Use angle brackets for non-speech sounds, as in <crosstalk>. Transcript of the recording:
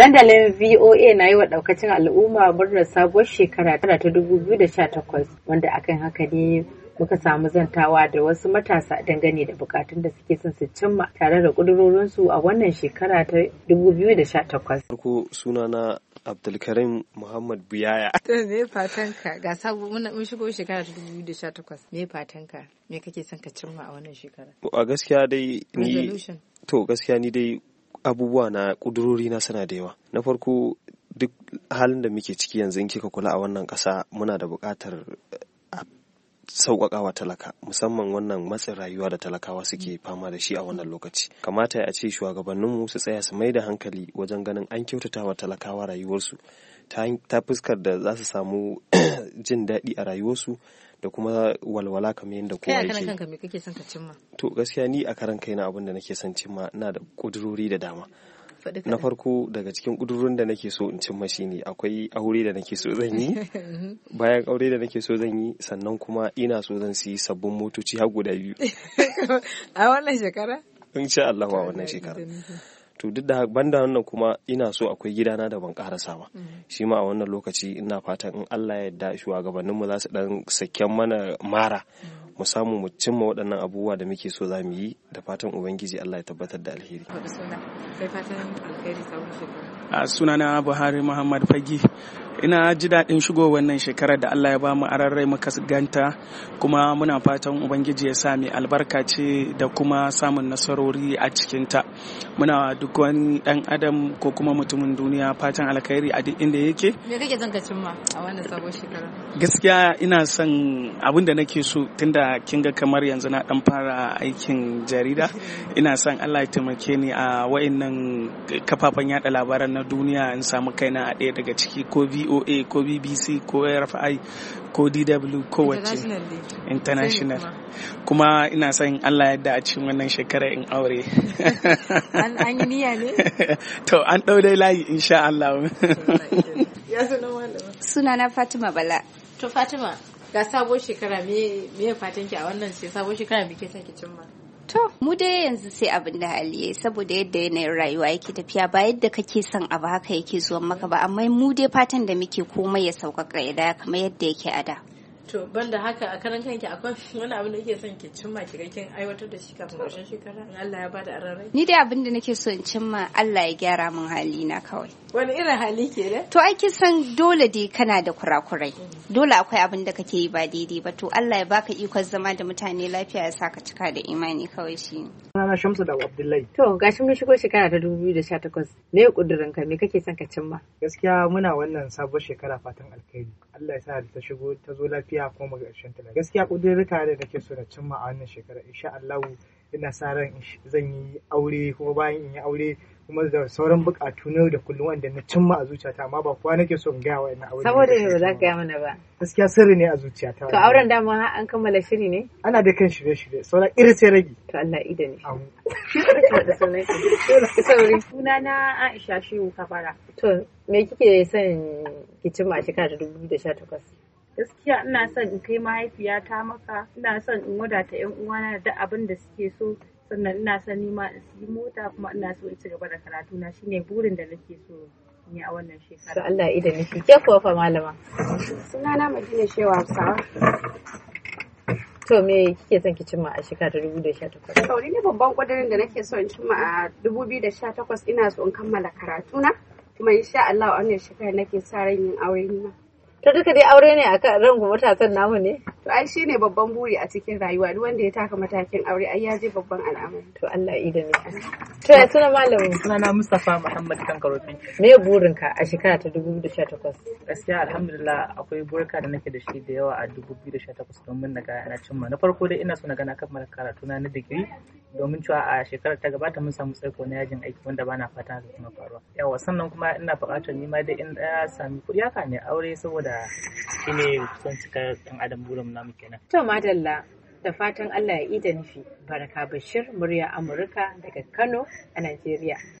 Dandalin VOA na yi wa daukacin al'umma murnar sabuwar shekara tara ta 2018 wanda akan haka ne muka samu zantawa da wasu matasa dangane da bukatun da suke son su cimma tare da kudurorinsu a wannan shekara ta 2018. Farko na Abdulkarim Muhammad Buyaya. Me fatanka ga sabu mun shigo shekara ta 2018 me fatanka me kake son ka cimma a wannan shekara? A gaskiya dai ni to gaskiya ni dai abubuwa na kudurori na suna da yawa na farko duk halin da muke ciki yanzu in kika kula a wannan kasa muna da buƙatar eh, sauƙaƙawa talaka musamman wannan matsin rayuwa da talakawa suke fama da shi a wannan lokaci kamata ya ce shugabanninmu su tsaya su mai da hankali wajen ganin an kyautata wa talakawa rayuwarsu ta fuskar da za su samu <clears throat> jin daɗi a rayuwarsu da kuma walwala kamar yadda kowa yake. Kai kanka me kake son ka cimma? To gaskiya ni a karan kaina abin da nake son cimma na da kudurori da dama. Na farko daga cikin kudurorin da nake so in cimma shine akwai aure da nake so zan yi. Mm-hmm. Bayan aure da nake so zan yi sannan kuma ina so zan siyi sabbin motoci har guda biyu. <laughs> A wannan shekara? In sha Allah a wannan shekara. to duk da banda wannan kuma ina so akwai gidana da ban karasa ba mm. shi ma a wannan lokaci ina fatan in Allah ya yarda shugabannin mu za su dan sakken mana mara mm. mu samu mu cimma waɗannan abubuwa da muke so za mu yi da fatan ubangiji Allah ya tabbatar da alheri sai fatan alheri sabon shekara a sunana buhari muhammad fagi ina ji daɗin shigo wannan shekarar da allah ya ba mu ararrai muka ganta kuma muna fatan ubangiji ya sami albarka ce da kuma samun nasarori a cikinta muna duk wani ɗan adam ko kuma mutumin duniya fatan alkhairi a duk inda yake me kake son ka cimma a wannan sabon shekara gaskiya ina son abin da nake so tunda kin ga kamar yanzu na dan fara aikin jarida ina son allah ya taimake ni a wayannan kafafen yada labaran na duniya in samu kaina a ɗaya daga ciki ko voa ko bbc ko rfi ko dw ko wacce international kuma ina son allah yadda a cikin wannan shekara in aure <laughs> an yi niyya ne <laughs> to an ɗau dai layi insha allah <laughs> suna na fatima bala to fatima ga sabon shekara me fatan ki a wannan sabon shekara me ke son ki cimma To, mu dai yanzu sai abin da hali yayi saboda yadda yanayin rayuwa yake tafiya ba yadda kake son abu haka yake zuwa maka ba amma mu dai fatan da muke komai ya sauƙaƙa ya da kamar yadda yake a da. to banda haka a karan kanki akwai wani abin da yake son ki cimma ki kin aiwatar da shi kafin ƙarshen shekara in Allah ya bada ararai ni dai abin da nake so in cimma Allah ya gyara min hali na kawai wani irin hali ke da to ai san dole dai kana da kurakurai dole akwai abin da kake yi ba daidai ba to Allah ya baka ikon zama da mutane lafiya ya saka cika da imani kawai shi na Shamsu da Abdullahi to gashi mun shigo shekara ta 2018 ne kudirin ka me kake son ka cimma gaskiya muna wannan sabuwar shekara fatan alkhairi Allah ya sa ta shigo ta zo lafiya Gaskiya koma ga ƙarshen ta gaskiya ƙudurruka da nake so na cimma a wannan shekara insha Allah ina sa ran zan yi aure kuma bayan in yi aure kuma da sauran buƙatu na da kullum wanda na cimma a zuciyata amma ba kuwa nake so in gaya wa ina aure saboda ba za ka yi mana ba gaskiya sirri ne a zuciyata to auren dama ha an kammala shiri ne ana da kan shirye shirye sauran irin sai rage to Allah ida ne <laughs> sauri suna na Aisha Shehu Kabara to me kike son ki cimma a shekara ta 2018 gaskiya ina son in kai mahaifiyata maka ina son in ta yan uwana da abin da suke so sannan ina son nima in siyi mota kuma ina so in ci gaba da karatu na shine burin da nake so ne a wannan shekara. Allah ya idan shi ke kuwa fa malama. Suna Sunana Madina Shewa sa To me kike son ki cimma a shekara 2018? To ne babban kudirin da nake so in cimma a 2018 ina so in kammala karatuna kuma insha Allah a wannan shekara nake sa ran yin aure na. ta duka dai aure ne akan ran ku matasan namu ne to ai shine babban buri a cikin rayuwa duk wanda ya taka matakin aure ai ya je babban al'amari to Allah idan ne to ya tuna malamin sunana Mustafa Muhammad Kankarofi me burin ka a shekara ta 2018 gaskiya alhamdulillah akwai burka da nake da shi da yawa a 2018 domin na ga ana cimma na farko dai ina so na gana kammala karatu na na digiri domin cewa a shekarar ta gabata mun samu tsaiko na yajin aiki wanda bana fata da kuma faruwa yawa sannan kuma ina buƙatar nima da in sami kuɗi haka ne aure saboda shine kusan cikar ɗan adam burin na namu kenan to madalla da fatan Allah ya da nufi baraka bashir murya amurka daga kano a najeriya